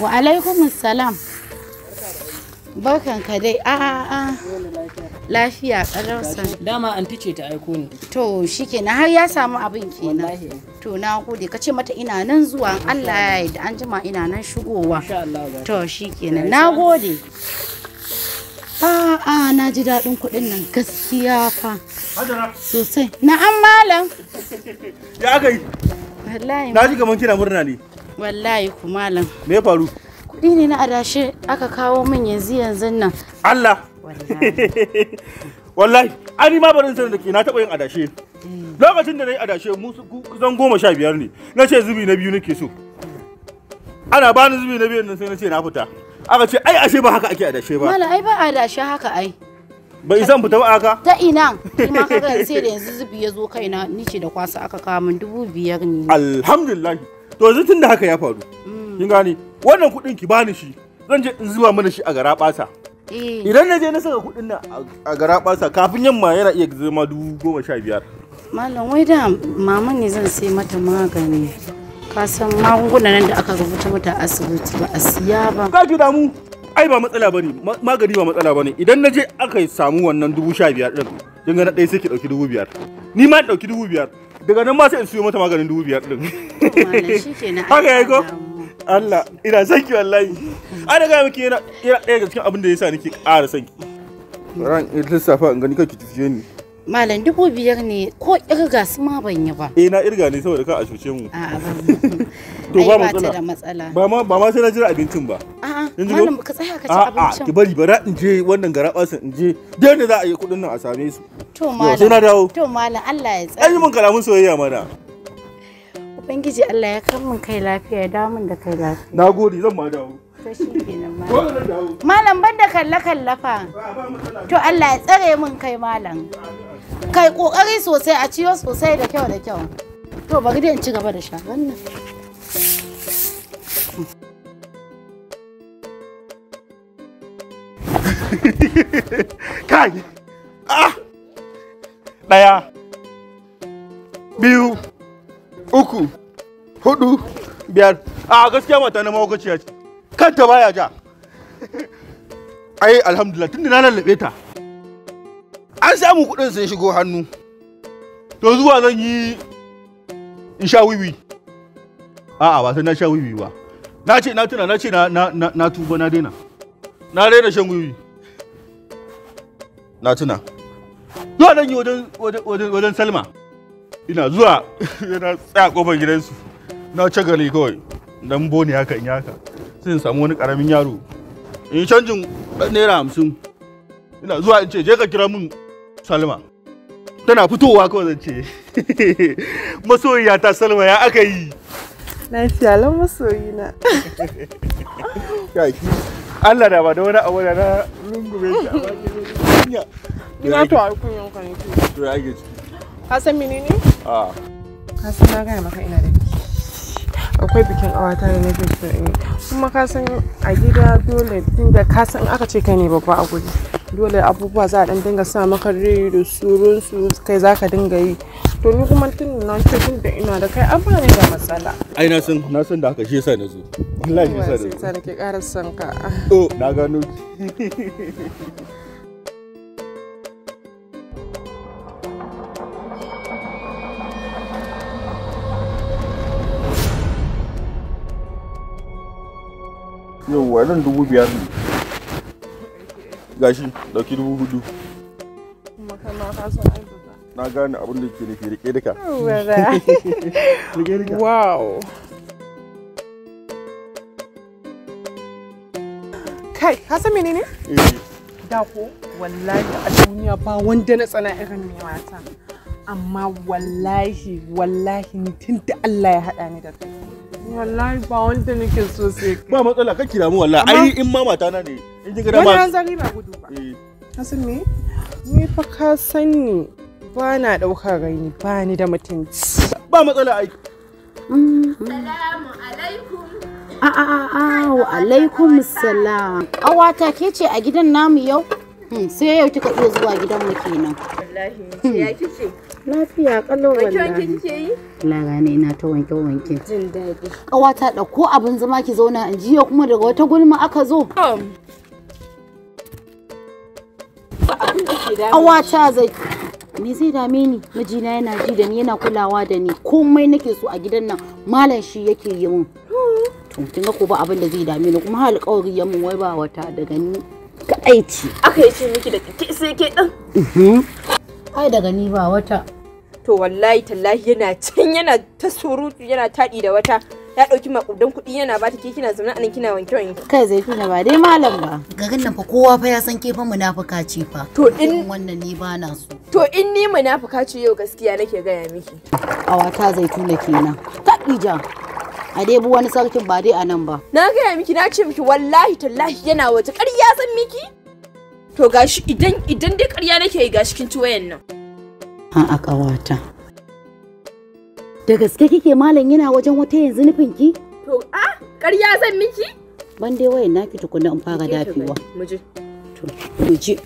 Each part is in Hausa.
wa alaikum salam barkan ka dai a a a lafiya kararsa dama an ce ta aiko ni to shikenan har ya samu abin kenan to na gode ka ce mata ina nan zuwa Allah ya da an jima ina nan shigowa to shikenan na gode a a na ji daɗin kuɗin nan gaskiya fa sosai an malam ya aka yi wallahi na ji kamar kina murna ne wallahi kumalan me ya faru kuɗi ne na adashe aka kawo min yanzu yanzu nan Allah wallahi ani ma barin sanin da ke na taɓa yin adashe mm. lokacin da na yi adashe mu kusan goma sha biyar ne na ce zubi na biyu nake so ana bani zubi na biyu nan sai na ce na fita aka ce ai ashe ba haka ake adashe ba mala ai ba adashe haka ai bai san fita ba aka ta ina ka kaga sai da yanzu zubi ya zo kaina ni ce da kwasa aka kawo min dubu biyar ne alhamdulillah to yanzu tun da haka ya faru kin gane wannan kuɗin ki bani shi zan je in zuba mana shi a gara ɓata eh. idan na je na saka kuɗin nan a gara ɓata kafin yamma yana iya zama dubu goma sha biyar malam wai da mama ne zan sai mata magani ka san magungunan nan da aka rubuta mata asibiti ba a siya ba ka ki damu ai ba matsala bane magani ba matsala bane idan na je aka samu wannan dubu sha biyar din kin ga na ɗaya sai ki ɗauki dubu biyar ni ma ɗauki dubu biyar daga nan ma sai in siyo mata maganin dubu biyar din haka yi ko Allah ina son ki wallahi a daga miki yana yana ɗaya daga cikin abin da sa nake ƙara son ki ran in lissafa in gani kake tafiye ni malam dubu biyar ne ko irga su ma ban yi ba eh na irga ne saboda ka a cuce mu a'a to ba matsala ba ma ba ma sai na jira abincin ba a'a malam ka tsaya ka ci abincin a'a ki bari bara in je wannan garabasin in je da za a yi kuɗin nan a same su to malam sai na dawo to malam Allah ya tsare ai mun kalamun soyayya mana ubangiji Allah ya kar mun kai lafiya ya mun da kai lafiya nagode zan ma dawo to shikenan malam malam banda kalla kallafa to Allah ya tsare mun kai malam kai kokari sosai a ciyo sosai da kyau da kyau to bari dai in ci gaba da sha wannan kai ah ɗaya biyu uku hudu biyar a gaskiya mata na mawakaciya ce kanta baya ja ai alhamdulillah tunda na lallabe ta an samu kuɗin sun shigo hannu to zuwa zan yi in sha wiwi a'a ba sai na sha wiwi ba na ce na tuna na ce na na na tuba na daina na daina shan wiwi na tuna zuwa nan yi wajen salma ina zuwa yana tsaya kofar gidansu na cagali kawai dan boni haka in haka sai in samu wani karamin yaro in canjin naira hamsin ina zuwa in ce je ka kira min salma tana fitowa kawai zan ce masoyiya ta salma ya aka yi lafiya lan masoyina Allah da ba da wani abu da na rungume shi a bakin Ina to a kunyan ka ne. ke Ka san A. Ka na gaya maka ina da akwai bikin awata da na so in yi kuma ka san a gida dole dinga ka san aka ce kai ne babba a guri dole abubuwa za a dan dinga sa maka rai da surun su kai za ka dinga yi to ni kuma tun na ce tun da ina da kai an bani da matsala ai na san na san da aka shi yasa na zo wallahi shi yasa na zo sai nake ƙara na gano yauwa nan dubu biyar ne gashi dauki dubu hudu na gane abin da ke nufi rike duka wow kai ka san menene eh. da ko wallahi a duniya ba wanda na tsana irin mai mata amma wallahi wallahi tun da Allah ya haɗa ni da kai wallahi ba wanda nake so sai ba matsala kake damu wallahi ai in ma mata na ne in ji gida ba wani zali ba gudu ba eh. kasan me ni fa ka sani ba na ɗaukar raini ba ni da mutunci ba matsala ai salamu alaikum a'a wa alaikum salam ƙawata ke ce a gidan namu yau Hmm, sai yau kika iya zuwa gidanmu kenan wallahi hmm. ya kike lafiya kallon wallahi wanke kike yi na gane ina ta wanke wanke jin daɗi kawata da ko abin zama ki zauna in jiya kuma daga wata gulma aka zo kawata zai me zai dame ni mijina yana ji da ni yana kulawa da ni komai nake so a gidan nan malam shi yake yi min hmm. to kin ga ko ba abin da zai dame ni kuma har alƙawari ya mun wai ba wata daga ni kaɗaici aka yi ce miki da ke sai ke ɗin mm-hmm. ai daga ni ba wata to wallahi tallahi yana can yana ta surutu yana taɗi da wata ya ɗauki makudan kuɗi yana ba ta ke kina zaune anan kina wanke wanke kai zai tuna ba dai malam ba garin nan fa kowa fa ya san ke fa munafuka ce fa to in wannan ni ba na so to in ni munafuka ce yau gaskiya nake gaya miki a wata zai tuna kenan taɗi ja. a dai wani sarkin ba dai a nan ba. Na gaya miki na ce miki wallahi tallahi yana waje ƙarya miki? To gashi idan idan dai ƙarya nake yi A'a ƙawata. Da gaske kike malam yana wajen wata yanzu nufin ki? To a ƙarya zan miki? Ban dai wayan naki tukuna in fara dafewa. To mu je.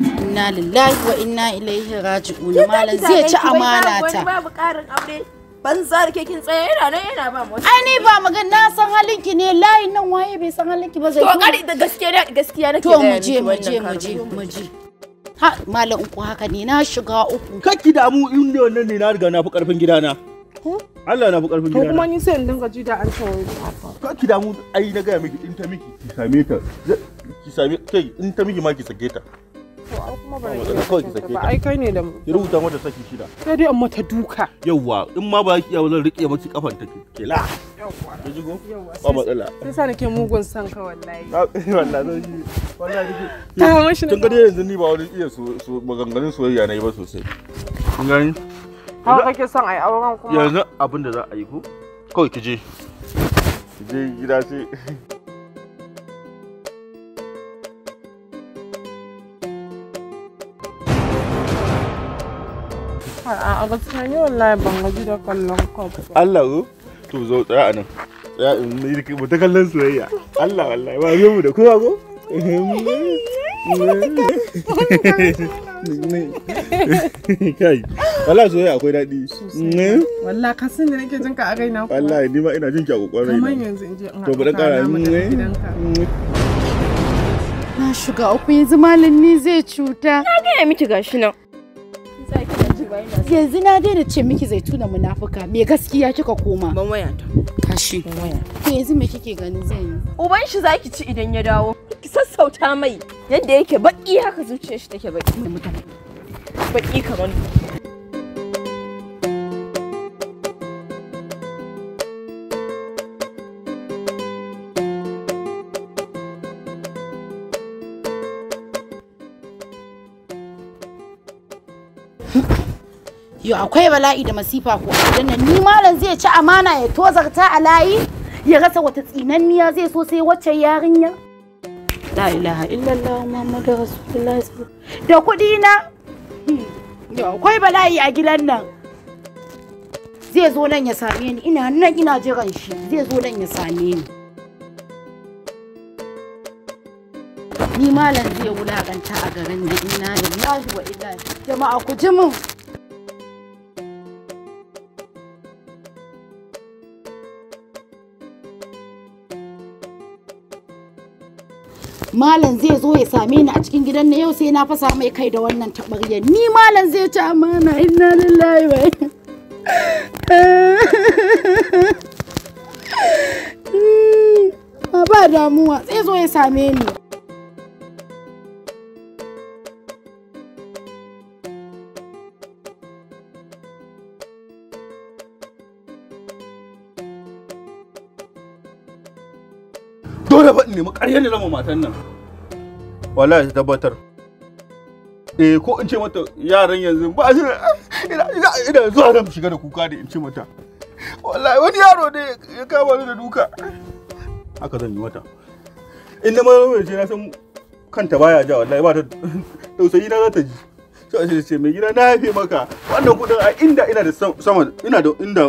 Inna lillahi wa inna ilaihi raji'un malam zai ci amana ta. aure. ban da ke kin tsaya yana nan yana ba mu ai ni ba magan na san halin ki ne layin nan waye bai san halin ki ba zai to kari da gaskiya da gaskiya nake to mu je mu mu ha malam uku haka ne na shiga uku kakki da mu in ne wannan ne na riga na fi karfin gidana Allah na fi karfin gidana to kuma ni sai in dinga ji da an tawaye kakki da mu ai na ga miki in ta miki ki same ta ki same kai in ta miki ma ki sake ta ai kuma ba ai kai ne da ki rubuta mata saki shida sai dai amma ta duka yawwa in ma ba ki zan rike miki kafan ta ke la yawwa jigo ba matsala sai sa nake mugun san ka wallahi wallahi wallahi ta mashi tun ga yanzu ni ba wani iya so maganganun soyayya na ba sosai kun gani haka kake son ai auren kuma yanzu abin da za a yi ko kawai ki je ki je gida sai Allah zo to zo tsaya a nan. Tsaya in yi da ta kallon soyayya. Allah wallahi ba zo mu da kowa go kai wala soyayya akwai dadi walla ka sani nake jin ka a raina kuwa wallahi ni ma ina jin ki a kokarin raina kamar yanzu in je in to kara bari ne na shiga akwai yanzu malam ni zai cuta na ga miki gashi nan yanzu na daina ce miki zai tuna munafuka me gaskiya kika koma ban waya ta kashi to yanzu me kike ganin zai yi uban shi zaki ci idan ya dawo ki sassauta mai yadda yake baki haka zuciyar shi take baki baki kamar yo akwai bala'i da masifa ko dan ni malam zai ci amana ya tozarta a layi ya rasa wata tsinanniya zai so sai wacce yarinya la ilaha illallah muhammadu rasulullah da kuɗi na hmm. yo akwai bala'i a gidan nan zai zo nan ya same ni ina nan ina jiran shi zai zo nan ya same ni ni malam zai wulakanta a garin da ina lillahi wa ilahi jama'a ku ji mun malam zai zo ya same ni a cikin gidan na yau sai na fasa mai kai da wannan taɓaryar ni malam zai ci amana inna lillahi wa hmm, ba damuwa zai zo ya same ni dole fa ne nemi ƙaryar da zama matan nan wallahi ta tabbatar eh ko in ce mata yaran yanzu ba shi ina zuwa nan shiga da kuka da in ce mata wallahi wani yaro ne ya kama ni da duka haka zan yi mata in na mai ce na san kanta baya ja wallahi ba ta tausayi na za ta ji sai ce mai gida na haife maka wannan kudin a inda ina da sama ina da inda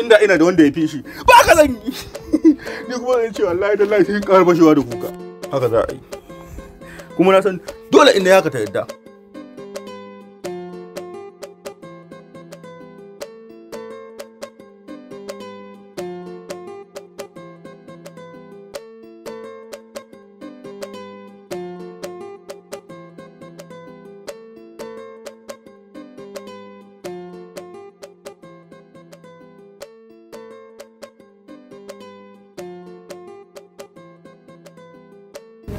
inda ina da wanda ya fi shi ba ka zan yi ni kuma in ce wallahi da lafi in ƙara bashewa da kuka haka za a yi kuma na san dole inda ya ka ta yadda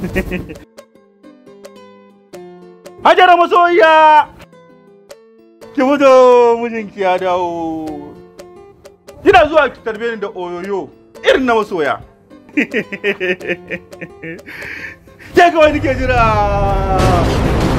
Hajara masoya Ki fito mijinki ya dawo. Ina zuwa ki tarbe ni da oyoyo irin na masoya. Ke kawai nake jira.